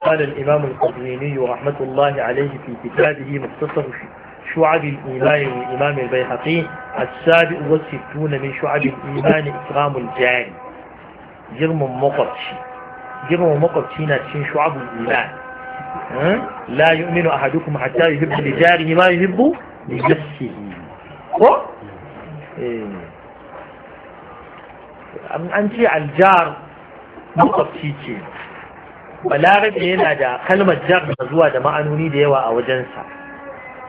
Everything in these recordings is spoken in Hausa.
قال الإمام القديمي رحمة الله عليه في كتابه مختصر شعب الإيمان والإمام البيهقي السابع والستون من شعب الإيمان إكرام الجاري جرم مقرشي جرم مقرشي ناتشين شعب الإيمان لا يؤمن أحدكم حتى يحب لجاره ما يحب لنفسه إيه. أنت الجار مقرشي balarabe yana da kalmar jar zuwa da ma'anoni da yawa a wajensa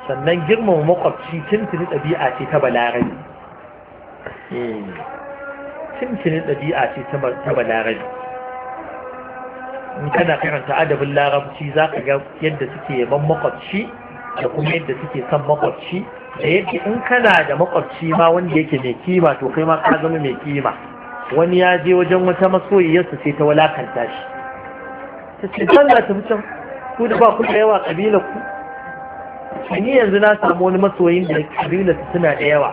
sannan girmama makwabci tuntuni ɗabi'a ce ta balarabe in kana karanta adabin larabci za ka ga yadda suke yaban makwabci da kuma yadda suke son makwabci da yake in kana da makwabci ma wanda yake mai kima to kai ma ka zama mai kima wani ya je wajen wata masoyiyarsa sai ta walakanta shi ta ce ban na tafi can ku da ba ku da yawa kabila ku ni yanzu na samu wani masoyin da kabila su suna da yawa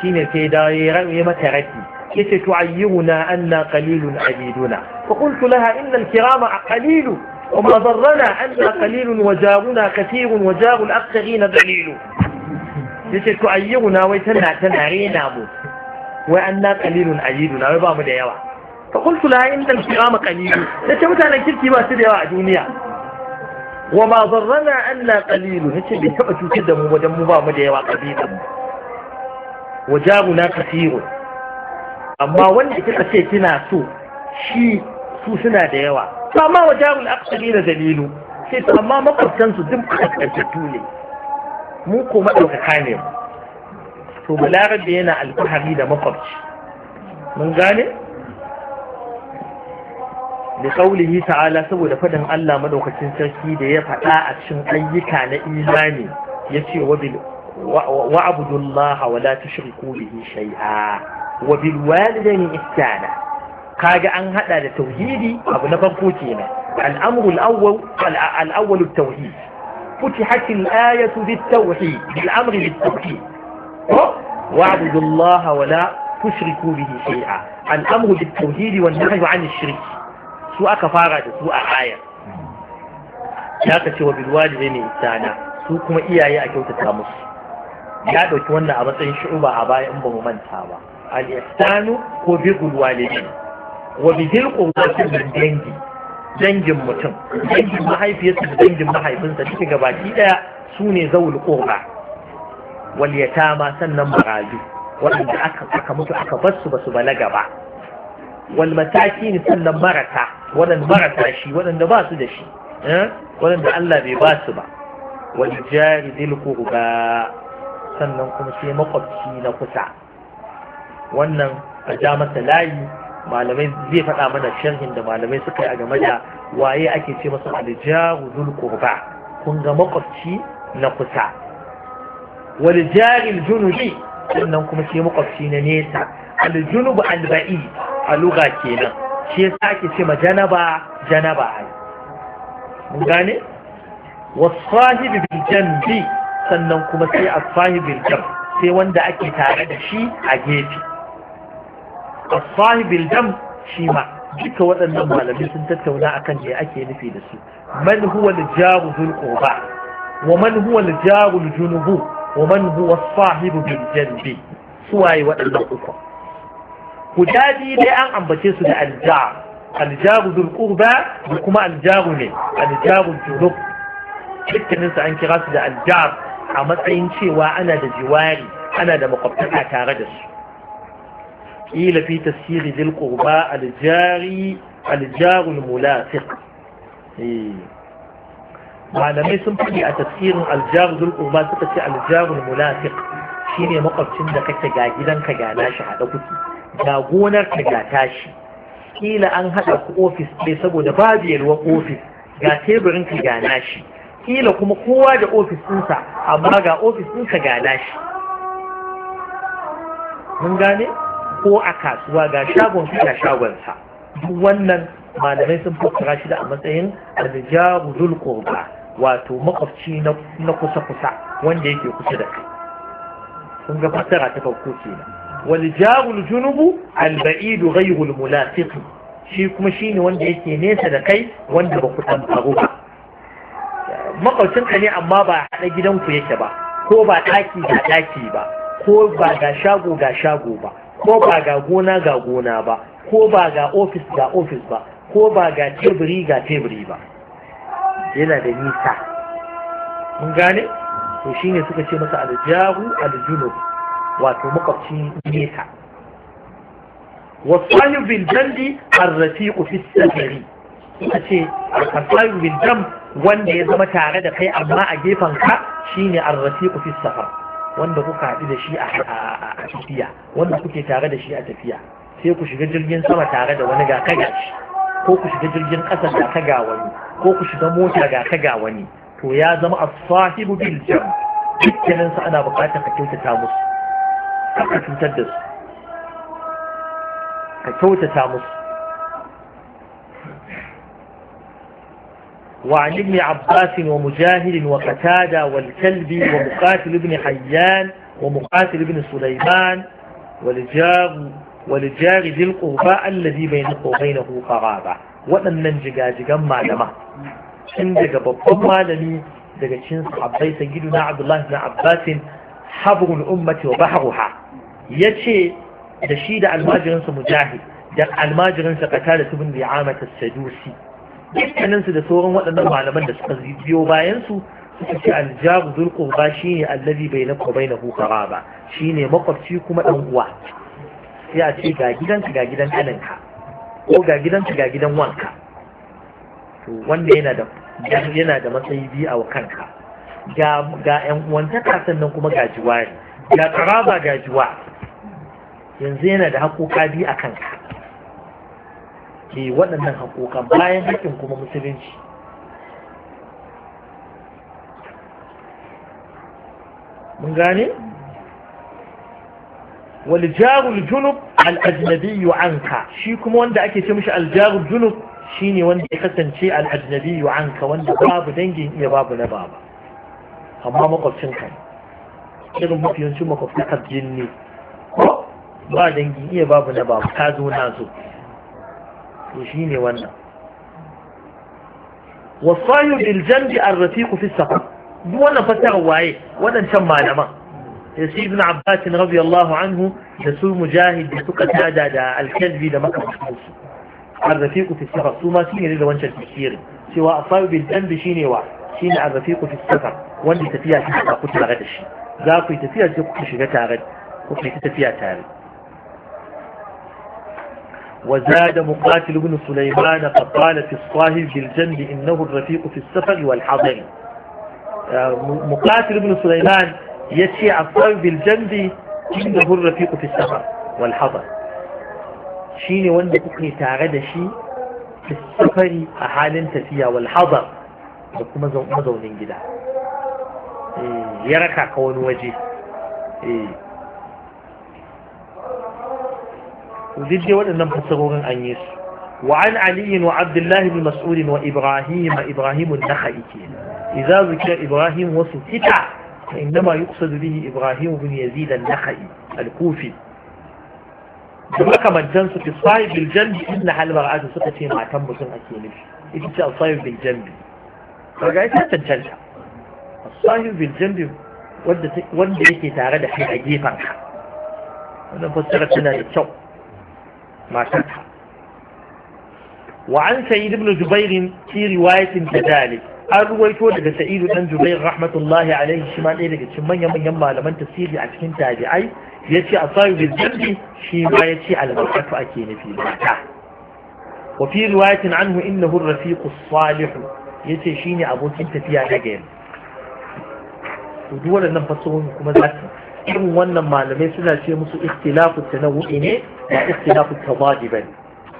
shine sai da ya mata raki yace tu'ayyiruna anna qalilun abiduna fa qultu laha inna al-kirama qalilu وما ضرنا أننا قليل وجارنا كثير وجار الأبتغين دليل yace to ayyuna wai tana tana rena mu wai anna qalilun ayyiduna wai ba mu da yawa fa qultu la inda al-qiyama qalil ce mutanen kirki ba su da yawa a duniya wa ma zarrana anna qalil nace bai taba cutar da mu wajen mu ba mu da yawa kabila wa na kasiru amma wanda kika ce kina so shi su suna da yawa amma wa jarul aqsali da dalilu sai amma makwabtan su duk da ne mu ko madaukaka ne to balarabe yana alfahari da makwabci mun gane لقوله تعالى سوى فدن الله مدوكة سركي دي شن أي كان إيماني يسي وبال واعبدوا الله ولا تشركوا به شيئا وبالوالدين إحسانا كاجا أن هذا التوحيد أبو نفر الأمر الأول الأول التوحيد فتحت الآية بالتوحيد بالأمر بالتوحيد واعبدوا الله ولا تشركوا به شيئا الأمر بالتوحيد والنهي عن الشرك su aka fara da su a ayar ya ka ce wa bilwalide ne isana su kuma iyaye a kyautata musu ya ɗauki wannan a matsayin shu'uba a baya in ba mu manta ba al-ihsanu ko bigul ne wa bidil qurbatin min dangi dangin mutum dangin mahaifiyarsa da dangin mahaifinsa duka gabaki daya sune zawul qurba wal yatama sannan barazu waɗanda aka mutu aka basu su basu balaga ba wal ne sannan marata waɗanda marasa shi waɗanda ba su da shi eh? waɗanda Allah bai ba su ba wani jari dil ba sannan kuma sai makwabci na kusa wannan a ja masa layi malamai zai faɗa mana sharhin da malamai suka yi a game da waye ake ce masa aljaru dul qurba kun ga makwabci na kusa wal jaril junubi sannan kuma sai makwabci na nesa al alba'i al a lugha kenan shi ya ake ce ma janaba janaba mun gane wasahibi bil sannan kuma sai a bil jam sai wanda ake tare da shi a gefe A bil jam shi ma duka waɗannan malamai sun tattauna akan me ake nufi da su man huwa al wa man huwa junubu wa man huwa as-sahibu bi suwaye waɗannan uku guda biyu dai an ambace su da alja aljaru dul qurba da kuma aljaru ne aljaru juruk dukkanin su an kira su da aljar a matsayin cewa ana da jiwari ana da makwabtaka tare da su قيل في تفسير ذي القرباء الجاري الجار الملاصق malamai sun fadi a tafsirin dul qurba suka ce aljaru mulafiq shine makwabcin da kake ga gidanka ga nashi hada kuki da gonar ka ga tashi kila an haɗa ku ofis ne saboda babu yalwar ofis ga teburin ka ga nashi kila kuma kowa da ofis ɗinsa amma ga ofis ɗinka ga nashi mun gane ko a kasuwa ga shagon ga shagonsa duk wannan malamai sun fara shi da a matsayin aljabu dul qurba wato makwabci na kusa kusa wanda yake kusa da kai sun ga fassara ta farko kenan Wani jarul junubu al ba'idu ghayrul mulafiqi shi kuma shine wanda yake nesa da kai wanda ba ku tantaro ba makaucin ka ne amma ba hada ku yake ba ko ba daki ga daki ba ko ba ga shago ga shago ba ko ba ga gona ga gona ba ko ba ga ofis ga ofis ba ko ba ga teburi ga teburi ba yana da nisa mun gane to shine suka ce masa aljahu aljunub wato makwabci nesa wasu bil jambi arrafiqu fi safari suka ce alfasayu bil jam wanda ya zama tare da kai amma a gefen ka shine arrafiqu fi safar wanda kuka haɗu da shi a tafiya wanda kuke tare da shi a tafiya sai ku shiga jirgin sama tare da wani ga ka gashi ko ku shiga jirgin ƙasa ga ka ga wani ko ku shiga mota ga ka ga wani to ya zama as-sahibu bil jam dukkanin ana buƙatar ka kyautata musu فقط cutar فوت تامس وعن ابن عباس ومجاهد وقتادة والكلبي ومقاتل بن حيان ومقاتل بن سليمان ولجاغ ولجاغ ذي القرباء الذي بينه وبينه قرابة وأنن جاجا معلمة إن جاجا بطب معلمي جاجا شنس سيدنا عبد الله بن عباس حبر الأمة وبحرها ya ce da shi da almajirinsa mujahid da almajirinsa kata da tubin li'amat sadusi dukkaninsu da sauran waɗannan malaman da suka biyo bayansu suka ce aljabu zurko ba shi ne allazi bai na kwabai na hukara ba shi ne makwabci kuma ɗan uwa ya ce ga gidanka ga gidan ɗaninka ko ga gidanka ga gidan wanka to wanda yana da yana da matsayi biyu a kanka ga ga ƴan uwantaka sannan kuma ga jiwari ga tsaraba ga juwa yanzu yana da haƙoƙa biyu a kanka ke waɗannan haƙoƙan bayan haƙƙin kuma musulunci mun gane waljarul junub al'ajnabiyu anka shi kuma wanda ake ce mishi aljarul junub ne wanda ya kasance al'ajnabiyu anka wanda babu dangin iya babu na baba amma makwabcinka irin mafiyancin makwabtakar jini ko ba dangi iya babu na babu ta zo na zo to shi ne wannan wasayu bil jambi ar-rafiqu fi safa duk wannan fasara waye wadancan malaman da su ibn abbas radiyallahu anhu da su mujahid da suka tada da al-kalbi da makamantansu ar-rafiqu fi safa su ma shine da wancan tafsirin cewa asayu bil jambi shine wa shine ar-rafiqu fi safa wanda tafiya shi ta kuta da shi za ku yi tafiya da kuka shiga tare kuka yi tafiya tare وزاد مقاتل بن سليمان فقال في الصاهب بالجنب إنه الرفيق في السفر والحضر مقاتل بن سليمان يشيع الصاهب بالجنب إنه الرفيق في السفر والحضر شيني وانده تقني تعرض شي في السفر أحال تفيا والحضر وكما زوجين جدا ya raka ka wani waje eh. duk dai waɗannan fasarorin an yi su وعن علي وعبد الله بن مسعود وإبراهيم إبراهيم النخعي إذا ذكر إبراهيم وسكت فإنما يقصد به إبراهيم بن يزيد النخعي الكوفي كما الجنس في الصايب بالجنب إن حال مرأة ستة ما تم سنة كينف إذا الصايب بالجنب فرجعت تنتلها sahibin jambin wanda yake tare da shi a gefanka wannan tana da kyau matarka wa an sayid ibn zubairin ki riwayatin da dali an ruwaito daga sa'idu dan zubair rahmatullahi alaihi shi ma ɗaya daga cikin manyan manyan malaman a cikin tabi'ai yace ce a sayu bil jambi shi ma ya ce albarkatu ake nufi mata wa fi riwayatin anhu innahu rafiqu salih yace shine abokin tafiya daga yanzu to duk waɗannan fasahohi kuma za su irin wannan malamai suna ce musu ikhtilafu tanawu'i ne ba ikhtilafu tawadi bane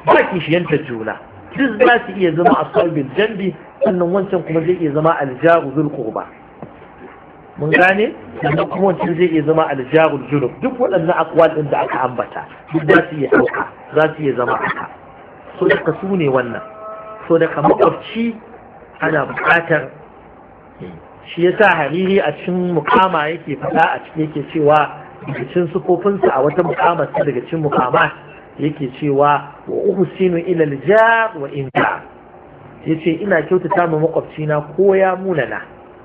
ba kishiyanta juna duk za su iya zama a ashabul jambi wannan wancan kuma zai iya zama aljaru zul qurba mun gane sannan kuma wancan zai iya zama aljaru junub duk waɗannan aqwal ɗin da aka ambata duk za su iya sauka za su iya zama haka so da su ne wannan so da makwabci ana buƙatar shi ya sa hariri a cikin mukama yake faɗa a cikin yake cewa daga cikin sufofinsa a wata mukama daga cikin mukama yake cewa wa sinu ila aljar wa inka yace ina kyautata ma makwabcina ko ya munana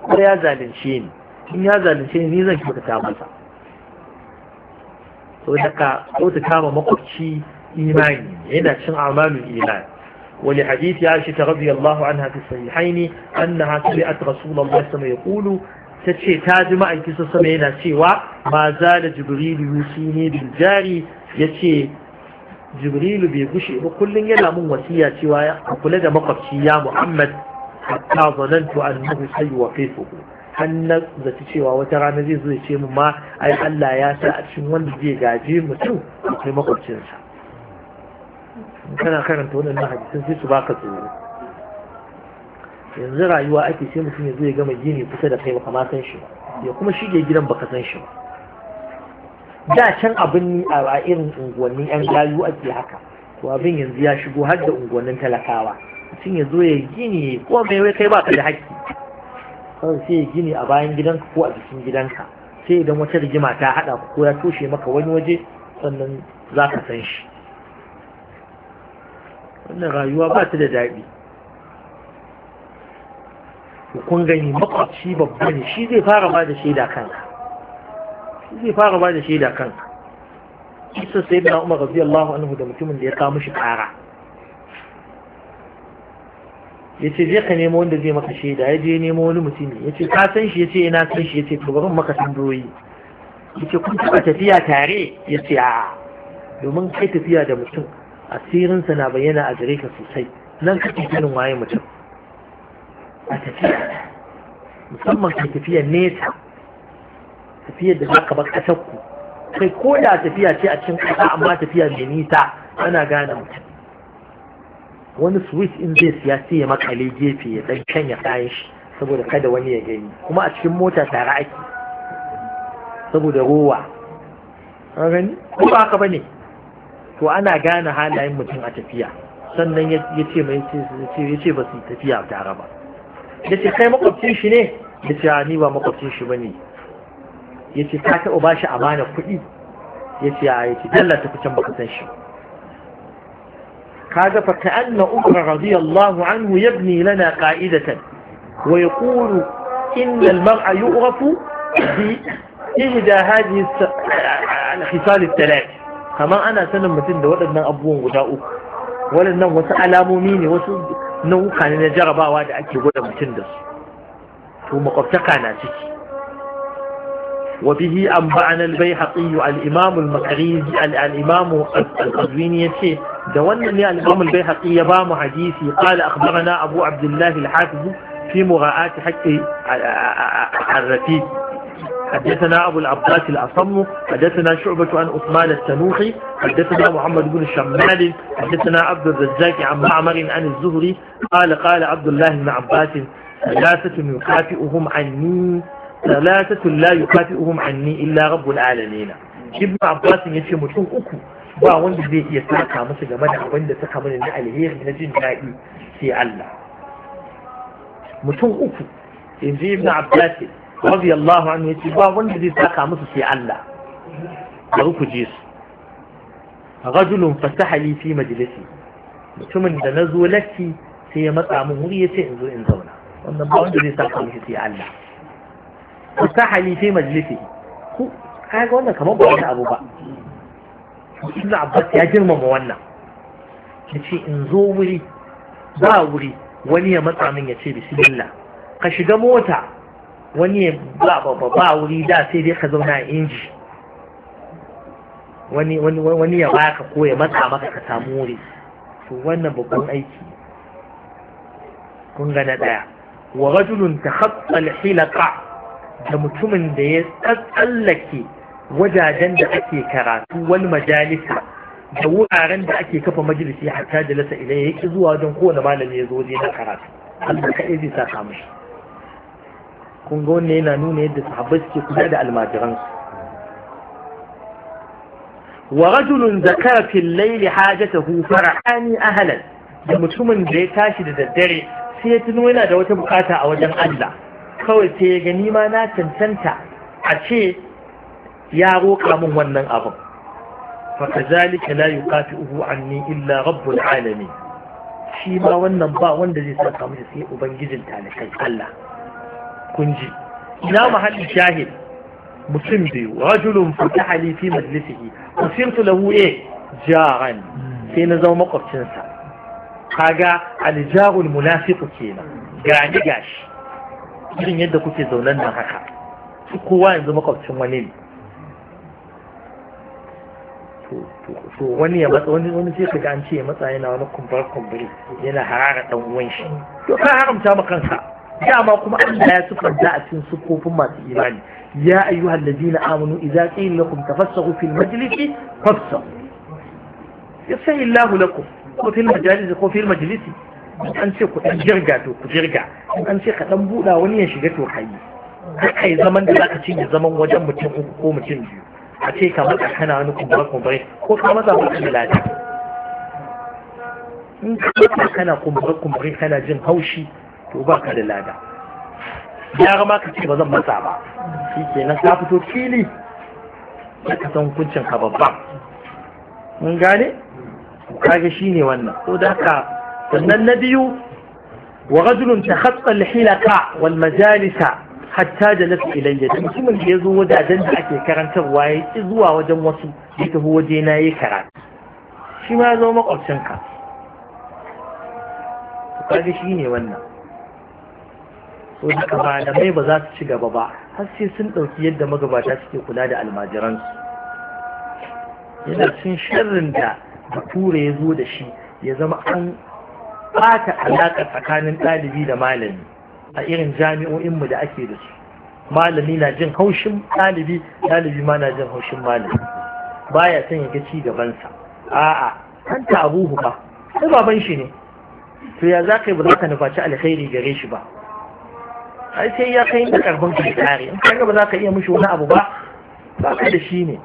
ko ya zalunce ni in ya zalunce ni zan kyautata masa to ka kyautata ma makwabci imani yana cin amanu imani ولحديث عائشة رضي الله عنها في الصحيحين أنها سمعت رسول الله صلى الله عليه وسلم يقول تتشي تاج ما أنت سمعنا سوى ما زال جبريل يوصيني بالجاري يتشي جبريل بيقشي وكل يلام وسيا سوى أقول لك مقبشي يا محمد حتى ظننت أنه سيوقفه hannan zaci cewa wata rana zai zo ya ce mu ma ai Allah ya sa a cikin wanda zai gaje mutum akwai makwabcinsa kana karanta wannan hadisan sai su baka tsoro yanzu rayuwa ake sai mutum ya zo ya gama gini kusa da kai baka ma san shi ya kuma shige gidan baka san shi ba da can abin ni a irin unguwannin yan gayu ake haka to abin yanzu ya shigo har da unguwannin talakawa mutum ya zo ya gini ko mai wai kai baka da haƙƙi kawai sai ya gini a bayan gidanka ko a jikin gidanka sai idan wata rigima ta haɗa ko ya toshe maka wani waje sannan za ka san shi wannan rayuwa ba ta da daɗi kun gani makwabci babba ne shi zai fara ba da shaida kanka zai fara ba da shaida kanka isa sai na umar rabi allahu anhu da mutumin da ya kawo mishi kara ya ce zai ka nemo wanda zai maka shaida ya je nemo wani mutumi ya ce ka san shi ya ce ina eh, san shi ya ce to bari maka tambayoyi ya ce kun taɓa tafiya tare ya ce a domin kai tafiya da mutum asirinsa na bayyana a gare ka sosai nan kake ganin waye mutum a tafiya musamman kai tafiya nesa tafiyar da za ka bar ƙasar ku kai ko da tafiya ce a cikin ƙasa amma tafiya mai nisa ana gane mutum wani swiss in zai siya sai ya makale gefe ya dan canya kayan shi saboda kada wani ya gani kuma a cikin mota tare ake saboda rowa an gani ko ba haka bane to ana gane halayen mutum a tafiya sannan ya ce mai ya ce ba su tafiya tare ba ya ce kai makwabcin shi ne ya ce ni ba makwabcin shi ba ne ya ce ta taɓa ba shi amana kuɗi ya ce ya ce dalla ta fi baka san shi kaga fa ka anna umar radiyallahu anhu yabni lana qa'idatan wa yaqulu inna al-mar'a yughafu bi ihda hadhihi al-khisal al-thalath kamar ana sanin mutum da waɗannan abubuwan guda uku waɗannan wasu alamomi ne wasu nau'uka ne na jarabawa da ake gwada mutum da su to makwabtaka na ciki wa bihi an ba'ana al-bayhaqi al-imam al-makarizi al-imam al-qazwini yace da wannan ne al-imam al-bayhaqi ya mu hadisi qala akhbarana abu abdullah al-hafiz fi mura'ati haqqi al-rafiq حدثنا أبو العباس الأصم حدثنا شعبة عن أثمان التنوخي حدثنا محمد بن شمال حدثنا عبد الرزاق عن معمر عن الزهري قال قال عبد الله بن عباس ثلاثة يكافئهم عني ثلاثة لا يكافئهم عني إلا رب العالمين ابن عباس يتي متون أكو ba wanda zai iya saka masa game da abin da saka mana na alheri na jin daɗi sai Allah mutum uku in ji ibn Abbas radiyallahu anhu ce ba wanda zai saka musu sai Allah Ya ku je su rajulun fasahali fi majalisi mutumin da na zo latti sai ya matsa min wuri ya ce in zo in zauna wannan ba wanda zai saka musu sai Allah fasahali fi majalisi ku kaga wannan kamar ba wani abu ba Ibn Abbas ya girmama wannan ya ce in zo wuri ba wuri wani ya matsa min ya ce bismillah ka shiga mota wani ba ba ba wuri da sai dai ka zauna inji wani ya baka ko ya matsa maka ka samu wuri to wannan babban aiki kun na daya wa rajulun ta al-hilaqa da mutumin da ya tsallake wajajen da ake karatu wal majalisa da wuraren da ake kafa majalisi hatta jalasa idan yake zuwa don kowane malami ya zo zai na karatu Allah ka zai sa mishi kun ga wannan yana nuna yadda sahabbai suke kula da almajiran su. wa rajulun zakara fil layli hajatahu farani ahlan da mutumin da ya tashi da daddare sai ya tuno yana da wata bukata a wajen Allah kawai sai ya gani ma na cancanta a ce ya roƙa min wannan abin fakazalika la yuqati'uhu anni illa rabbul alamin shi ma wannan ba wanda zai saka mishi sai ubangijin talakai Allah kun ji ina mahalli shahid mutum biyu rajulun halifi li fi majlisihi usirtu lahu e eh, jaran sai na zama makwabcinsa kaga aljarul munafiqu kenan gani gashi irin yadda kuke zaunan nan haka kowa yanzu makwabcin wani ne to wani ya matsa wani wani sai ga an ce ya matsa yana wani kumbar kumbari yana harara dan uwan shi to ka haramta ma kanka dama kuma Allah ya sufanta a cikin sukofin masu imani ya ayyuhal ladina amanu idza qila lakum tafassahu fil majlisi fafsahu yasahi Allah lakum ko fil majalisi ko fil majlisi an ce ku dan jirga to ku jirga an ce ka dan buda wani ya shiga to kai kai zaman da zaka cinye zaman wajen mutum uku ko mutum biyu a ce ka maka kana wani kumbura kumbure ko ka masa wani lafiya in ka kana kumbure kumbure kana jin haushi to ba ka da lada ya ma ka ce ba zan matsa ba shi ke nan ka fito fili da ka san hukuncin ka babban mun gane kage shi ne wannan ko da ka sannan na biyu wa rajulun ta hatsa lihilaka wal majalisa hatta da nafi ilayya da mutumin da ya zo wajajen da ake karantarwa ya ki zuwa wajen wasu ya tafi waje na yi karatu shi ma ya zama makwabcinka kage shi ne wannan so duka malamai ba za su ci gaba ba har sai sun ɗauki yadda magabata suke kula da almajiransu yana cin shirin da bature ya zo da shi ya zama an ɓata alaƙa tsakanin ɗalibi da malami a irin jami'o'inmu da ake da su malami na jin haushin ɗalibi ɗalibi ma na jin haushin malami baya son ya ga ci gabansa a'a kan ta abuhu ba sai baban shi ne to ya za ka yi ba za ka nufaci alkhairi gare shi ba ai sai ya kai da karfin kare in kaga ba za ka iya mishi wani abu ba ba ka da shi ne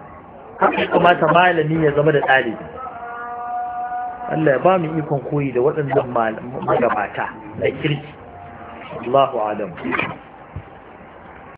haka kamata malami ya zama da ɗalibi Allah ya ba mu ikon koyi da waɗannan magabata da kirki Allahu alam